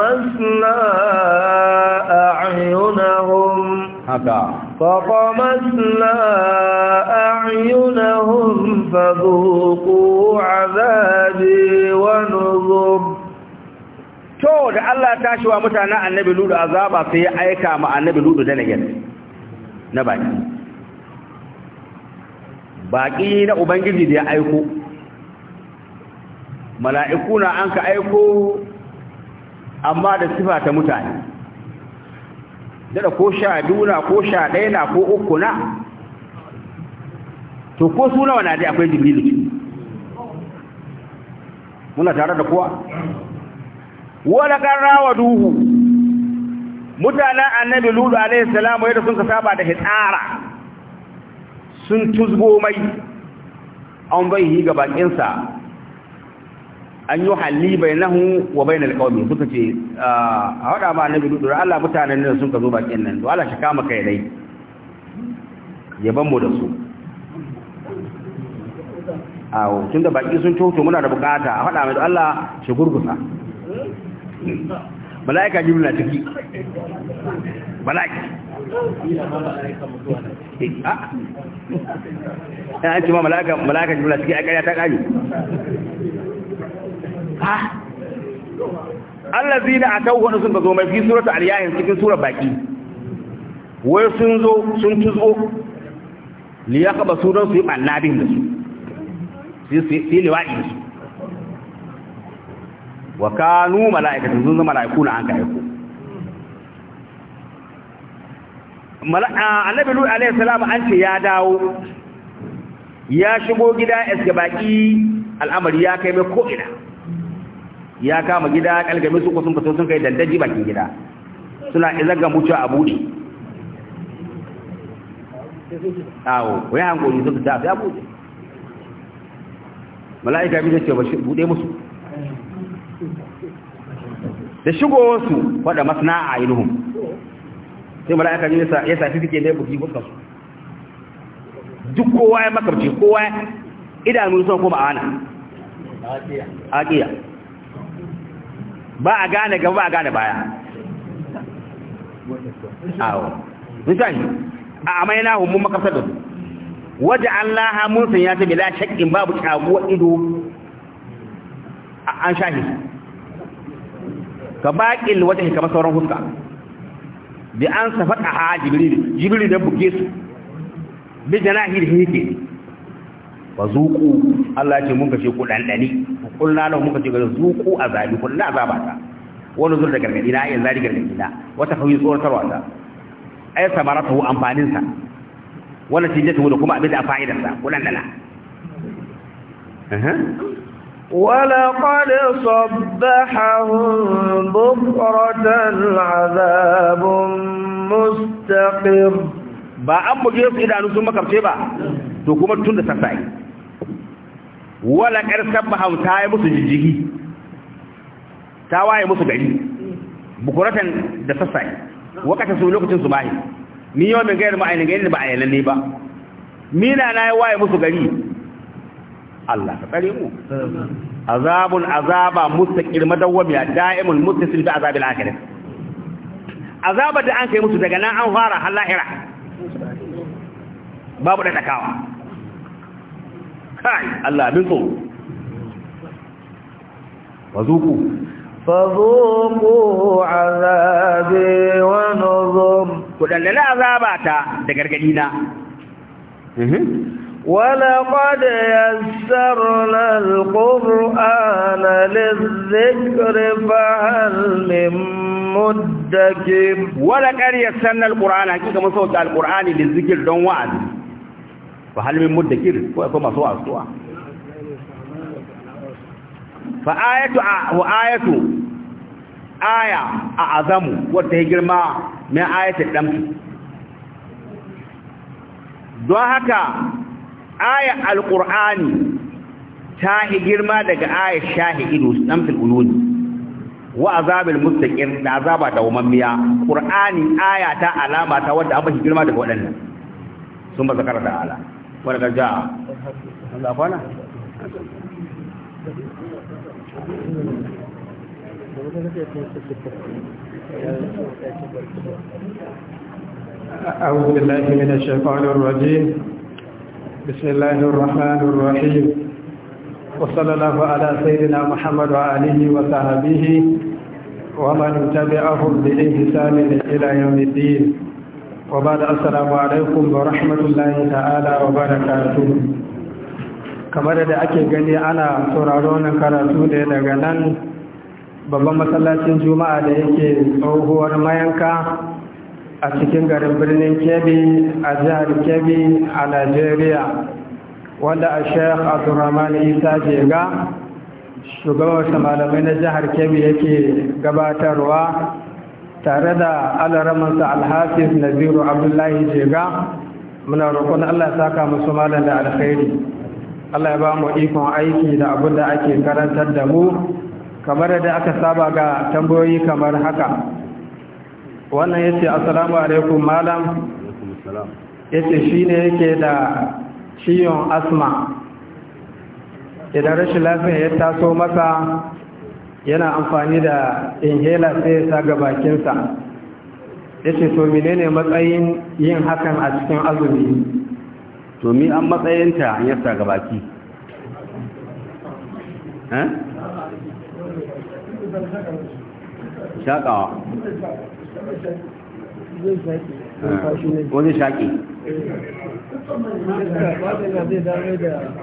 masu na a أعينهم هكذا فطمسنا أعينهم فذوقوا عذابي ونظر to da Allah ta wa mutanen annabi ludu azaba sai ya aika ma annabi ludu dalagen na baki baki na ubangiji da ya aiko mala'iku na an ka aiko amma da sifa ta mutane dada ko sha duna ko sha ɗaya na ko uku na to ko suna na dai akwai jibrilu muna tare da kowa wala rawa duhu mutanen annabi lulu alaihi salamu yadda sun ka saba da hitsara sun tuzgo mai an bai yi ga bakinsa an yi halli bai nahu wa bai na alƙawami suka ce ah, a haɗa ma na dudu Allah mutanen nan sun ka zo bakin nan to Allah shi kama kai dai ya mu da su awo tun da baki sun coto muna da bukata a haɗa mai da Allah shi gurgusa mala'ika jibril na ciki mala'ika ya ah. an ce ma mala'ika jibril na ciki a ƙarya ta ƙari Allah zina a tawo wani sun ka zo mai fi suratu aliyahin cikin surar baki wai sun zo sun tuzo ya kaba su don su yi ɓannabin da su su yi liwaɗi da su wa kanu mala'ikatun sun zama mala'iku na an ka A annabi lu alayhi salam an ce ya dawo ya shigo gida iska baki al'amari ya kai mai ko'ina ya kama gida kalgame su ko sun fito sun kai dandaji bakin gida suna ga mutuwa a bude awo wai hankali sun fita sai a bude mala'ika bi ce ba shi bude musu da shigo su wada a ainihin sai mala'ika ne ya safi suke ne buki fuskan su duk kowa ya makarci kowa idanun sun kuma ana aqiya ba a gane gaba ba a gane baya awo misali a amai na hummun makasar da su waje Allah mun sun ya tabi la shakkin babu kyaguwa ido an shahi ka baƙil wata kamar sauran huska da an safata ha jibril jibril da buke su bi janahi da hike wa zuku Allah ya ce mun kashe ku dandani kulna lahu muka ce gare zuku azabi kulna azaba ta wani zur da gargadi na ayin zari gargadi na wata fawi tsoratarwa ta ay samaratu amfanin sa wala tijatu da kuma abin da fa'idar sa kullan dala ولقد صبحهم بكرة عذاب مستقر ba an buge su idanu sun makarce ba to kuma tun da sassai wala ƙarsar baham ta yi musu jijjigi ta waye musu gari bukuratan da sassai wakata su lokacin su bahi ni yau mai gayar ma'ayin gayar da ba a ne ba mina na yi waye musu gari Allah ka tsare mu azabun azaba mustaqil madawwamiya da'imul muttasil bi azabil akhirah azaba da an kai musu daga nan an fara har babu da takawa kai Allah abin so wazuku fazuku azabi wa nuzum ku dandana azabata da gargadi na ولقد يسرنا القرآن للذكر فهل من مدكر ولقد يسرنا القرآن حقيقة من صوت القرآن للذكر دون وعد fa halmin muddakir ko akwai masu wasuwa fa ayatu wa ayatu aya a azamu wata ya girma mai ayatul damsu don haka aya Alƙur'ani ta hi girma daga aya shahidu damsul uluni wa azabin mustaqim da azaba da ummiya Ƙur'ani aya ta alama ta wanda an bashi girma daga waɗannan. sun ba zakara da ala'a. wadda ja'a أعوذ بالله من الشيطان الرجيم بسم الله الرحمن الرحيم وصلى الله على سيدنا محمد وآله وصحبه ومن تبعهم بإنسان إلى يوم الدين وبعد السلام عليكم ورحمة الله تعالى وبركاته kamar da ake gani ana sauraro wannan karatu da daga nan babban masallacin juma'a da yake tsohuwar mayanka a cikin garin birnin kebbi a jihar kebbi a najeriya wanda a sheikh abdurrahman isa jega shugabar malamai na jihar kebbi yake gabatarwa tare da alaramansa alhafiz naziru abdullahi jega muna roƙon allah saka musu malam da alkhairi allah ya ba mu ikon aiki da abin da ake karantar da mu kamar yadda aka saba ga tambayoyi kamar haka wannan ya ce assalamu alaikum malam ya ce shi ne yake da ciyon asma idan rashin lafiya ya taso masa yana amfani da inhaler sai ya sa ga bakinsa ya ce to menene matsayin yin hakan a cikin azumi to mi an matsayinta ya sa ga baki eh? shaƙawa wani eh. shaƙi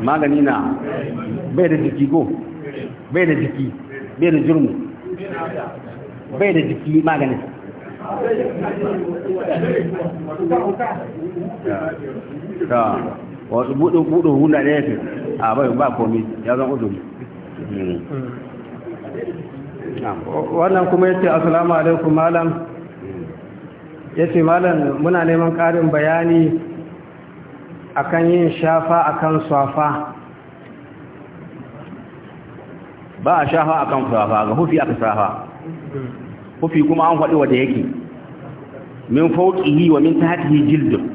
magani na bai da jiki go bai da jiki bai da jirmu bai da jiki maganin ta wasu buɗin buɗin hula da fi a bai ba komi ya zan uzuri wannan kuma yace assalamu alaikum malam yace malam muna neman ƙarin bayani akan yin shafa akan swafa ba a shafa a kan safa ga hufi aka safa hufi kuma an faɗi wadda yake min yi wa min yi jildun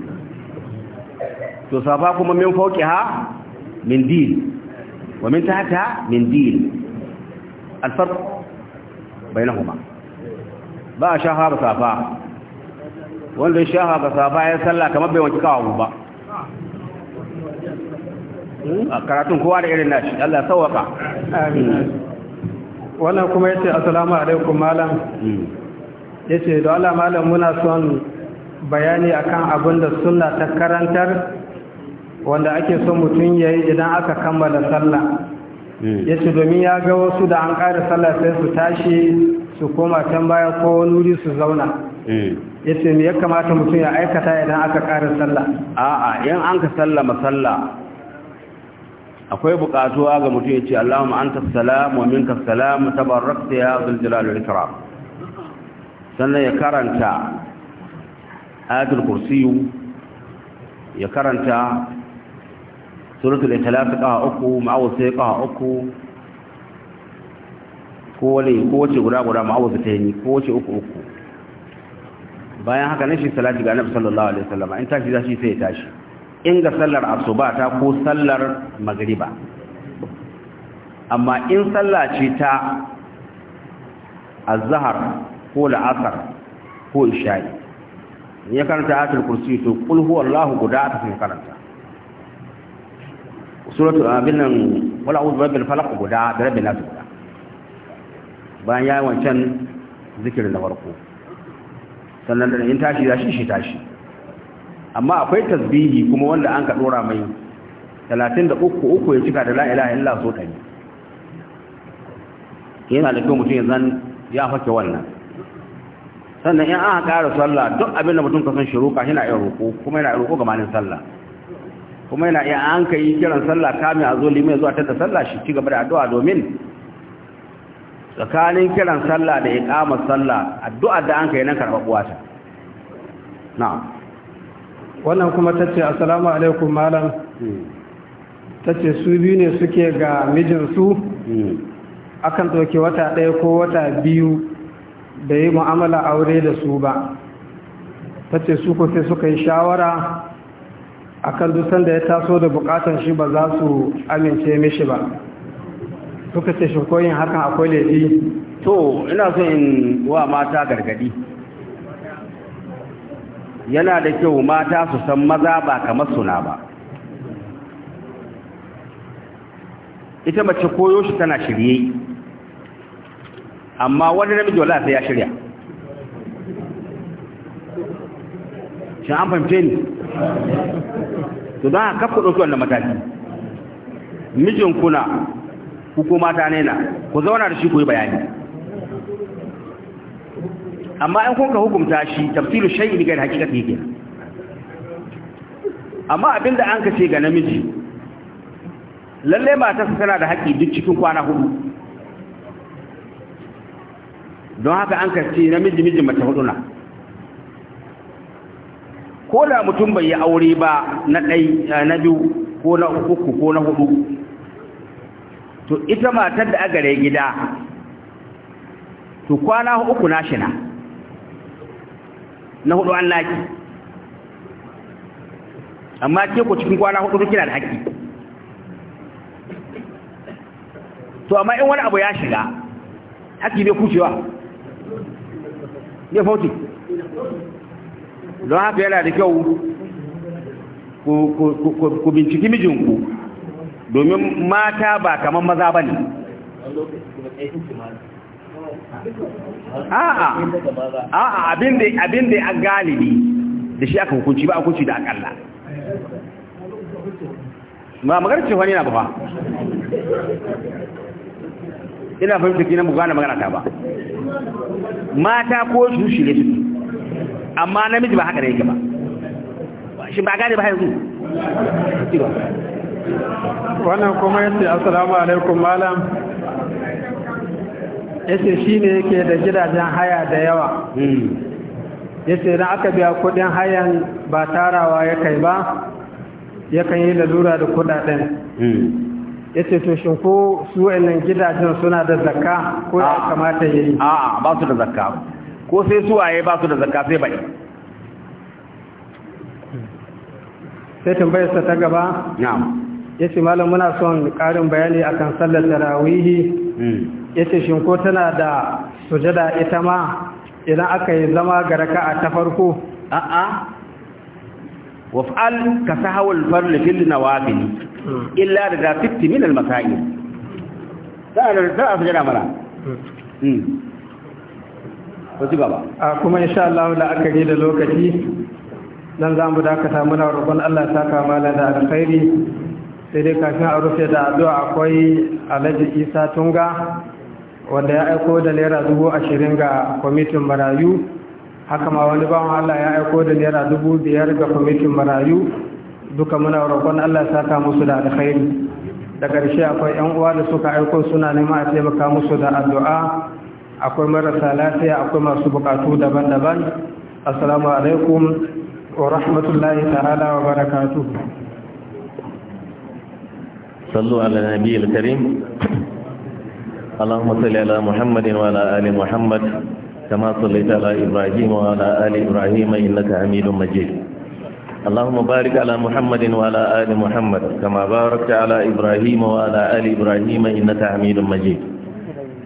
to safa kuma min ha min dil wa min ha min dil na bainahuma ba a shafa ba safa wanda shafa ba safa ya salla kamar bai wanki kawo ba hmm? a karatun kowa da irin nashi Allah sauwaka wannan kuma ya ce assalamu alaikum malam hmm. ya ce da Allah malam muna son bayani akan abin da suna ta karantar wanda ake son mutum ya yi idan aka kammala sallah hmm. ya ce domin ya ga wasu da an ƙara sallah sai su tashi su koma can baya ko wani wuri su zauna hmm. ya ce me ya kamata mutum ya aikata idan aka ƙara sallah a'a in an ka sallama sallah akwai bukatuwa ga mutum ya ce Allahumma anta salam wa minka salam tabarakta ya zul jalal wal ikram sannan ya karanta ayatul kursi ya karanta suratul ikhlas ka uku ma'awsai ka uku ko wani ko wace guda guda ta yi ko wace uku uku bayan haka ne shi salati ga annabi sallallahu alaihi wasallam in tashi zashi sai ya tashi in ga sallar asuba ta ko sallar magriba amma in sallah ce ta azhar ko la'asar ko isha'i ya karanta ayatul kursi to qul huwallahu guda ta sun karanta suratul abin nan wala a'udhu rabbil falaq guda da rabbil nas guda bayan ya yi wancan zikirin da farko sannan da in tashi ya shi shi tashi amma akwai tasbihi kuma wanda an ka dora mai 33 uku ya cika da la ilaha illa so tani yana da kyau mutum ya zan ya fake wannan sannan in an ƙara sallah duk abin da mutum ka san shiruka yana iya roƙo kuma yana roƙo ga malin sallah kuma yana iya an ka yi kiran sallah kamin a zo limai zuwa ta sallah shi ci gaba da addu'a domin tsakanin kiran sallah da iqamar sallah addu'a da an ka yi nan karɓar uwata na'am wannan kuma ta ce assalamu alaikum malam ta ce su biyu ne suke ga mijinsu akan ɗauki wata ɗaya ko wata biyu da yi mu'amala aure da su ba ta ce su ko suka yi shawara akan dusan da ya taso da bukatan shi ba za su amince mishi ba suka ce shi koyin hakan akwai laifi to ina so in wa mata gargadi yana da kyau mata su san maza ba kamar suna ba ita mace koyo shi tana shirye amma wani namiji wala sai ya shirya shi an fahimce ni to don haka ku ɗauki wannan mataki mijin kuna ku ko mata ne na ku zauna da shi ku yi bayani amma in kun ka hukumta shi tafsiru ne ga hakikati yake amma abinda an kace ga namiji lalle matarsa tana da haƙi duk cikin kwana hudu don haka an kace namiji mijin mata hudu na ko da mutum bai yi aure ba na ɗai eh, na biyu ko na uku ko na hudu to ita matar da gare gida to kwana uku na shi na na hudu an laki amma ke ku cikin kwana hudu kina da haƙƙi to amma in wani abu ya shiga haƙƙi bai kucewa ne fauti don haka yana da kyau ku binciki mijinku domin mata ba kamar maza ba ne a'a a'a abinda abinda ya galibi da shi aka hukunci ba hukunci da akalla ba magana ce wani na ba ina fahimta kina mu gane magana ta ba mata ko su shirye su amma namiji ba haka ne yake ba shi ba gane ba yanzu wannan kuma yace assalamu alaikum malam yace ne yake da gidajen haya da yawa hmm. yace da aka biya kudin hayan ba tarawa ya kai ba ya kan yi lalura da kudaden hmm. yace to shin ko su wayannan gidajen suna da zakka ko ya kamata yi. a'a ba su da zakka ko sai su waye ba su da zakka sai bai sai tambayarsa ta gaba na'am yace malam muna son karin bayani akan sallar tarawihi hmm. yace shin ko tana da sujada ita ma idan aka yi zama ga raka'a ta farko a'a waf'al ka sahawul farl fil nawafil illa da 50 min al masail da da sujada ko ji baba a kuma insha Allah yi da lokaci dan za mu dakata muna roƙon Allah ya saka mala da alkhairi sai dai kafin a rufe da addu'a akwai Alhaji Isa Tunga wanda ya aiko da naira dubu ashirin ga kwamitin marayu haka ma wani bawan Allah ya aiko da naira dubu biyar ga kwamitin marayu duka muna roƙon Allah saka musu da alkhairi da ƙarshe akwai 'yan uwa da suka aiko suna nema a taimaka musu da addu'a akwai marasa lafiya akwai masu buƙatu daban-daban assalamu alaikum wa rahmatullahi ta'ala wa barakatuh sallu ala nabiyil karim اللهم صل على محمد وعلى آل محمد كما صليت على إبراهيم وعلى آل إبراهيم إنك حميد مجيد اللهم بارك على محمد وعلى آل محمد كما باركت على إبراهيم وعلى آل إبراهيم إنك حميد مجيد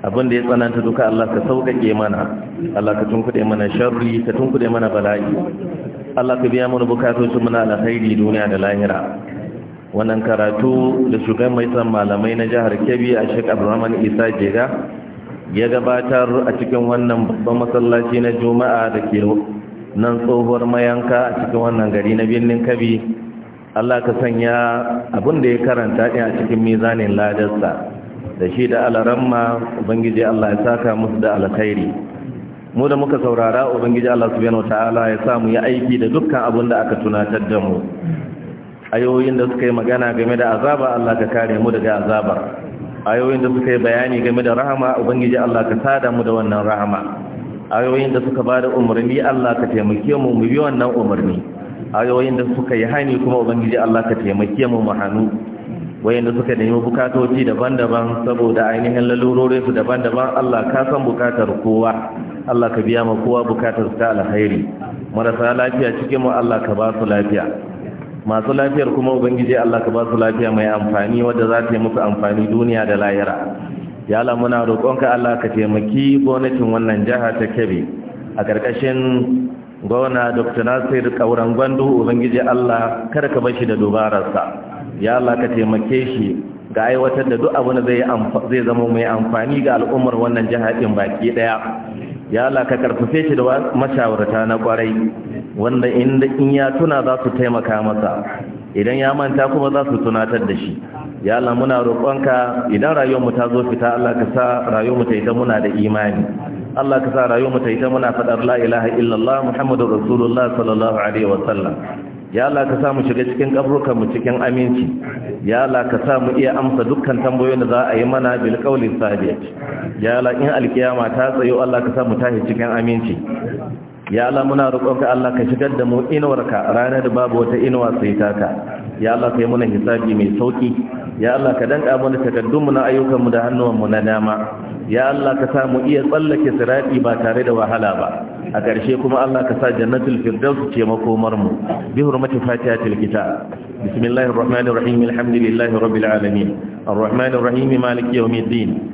abin da ya tsananta duka Allah ka sauƙaƙe mana Allah ka tunkuɗe mana sharri ka tunkuɗe mana bala'i Allah ka biya mana bukatocin mana alkhairi duniya da lahira wannan karatu da shugaban mai san malamai na jihar kebbi a shek abdulrahman isa jega ya gabatar a cikin wannan babban masallaci na juma'a da ke nan tsohuwar mayanka a cikin wannan gari na birnin kabi allah ka sanya abin da ya karanta ɗin a cikin mizanin ladarsa da shi da alaramma ubangiji allah ya saka musu da alkhairi mu da muka saurara ubangiji allah subhanahu ta'ala ya sa mu aiki da dukkan abin da aka tunatar da mu ayoyin da suka yi magana game da azaba Allah ka kare mu daga azabar ayoyin da suka yi bayani game da rahama ubangiji Allah ka tada mu da wannan rahama ayoyin da suka bada umarni Allah ka taimake mu mu bi wannan umarni ayoyin da suka yi hani kuma ubangiji Allah ka taimake mu mu hanu wayanda suka nemi bukatoci daban-daban saboda ainihin lalurorinsu su daban-daban Allah ka san bukatar kowa Allah ka biya ma kowa bukatar ta alkhairi marasa lafiya cikin mu Allah ka ba su lafiya masu lafiyar kuma ubangiji Allah ka ba su lafiya mai amfani wadda za ta yi muku amfani duniya da lahira ya Allah muna roƙonka Allah ka taimaki gwamnatin wannan jiha ta Kebbi a ƙarƙashin gwamna Dr. Nasir Kauran Gwandu ubangiji Allah kar ka bashi da dubararsa ya Allah ka taimake shi ga aiwatar da duk abin da zai zama mai amfani ga al'ummar wannan jiha ɗin baki ɗaya. ya Allah ka karfafe shi da mashawarta na ƙwarai. wanda inda in ya tuna za su taimaka masa idan ya manta kuma za su tunatar da shi ya Allah muna roƙonka idan rayuwarmu ta zo fita Allah ka sa rayuwarmu ta ita muna da imani Allah ka sa rayuwarmu ta ita muna faɗar la ilaha illallah muhammadur rasulullah sallallahu alaihi wa sallam ya Allah ka sa mu shiga cikin kabrukan mu cikin aminci ya Allah ka sa mu iya amsa dukkan tambayoyin da za a yi mana bil qawli sabit ya Allah in alkiyama ta tsayo Allah ka sa mu tashi cikin aminci ya Allah muna roƙonka Allah ka shigar da mu inuwarka ranar da babu wata inuwa sai taka ya Allah kai muna hisabi mai sauki ya Allah ka danka mana mu na mu da mu na dama ya Allah ka sa mu iya tsallake sirati ba tare da wahala ba a ƙarshe kuma Allah ka sa jannatul firdaus ce makomar mu bi hurmati fatihatil kitab bismillahir rahmanir rahim alhamdulillahi rabbil alamin arrahmanir rahim maliki yawmiddin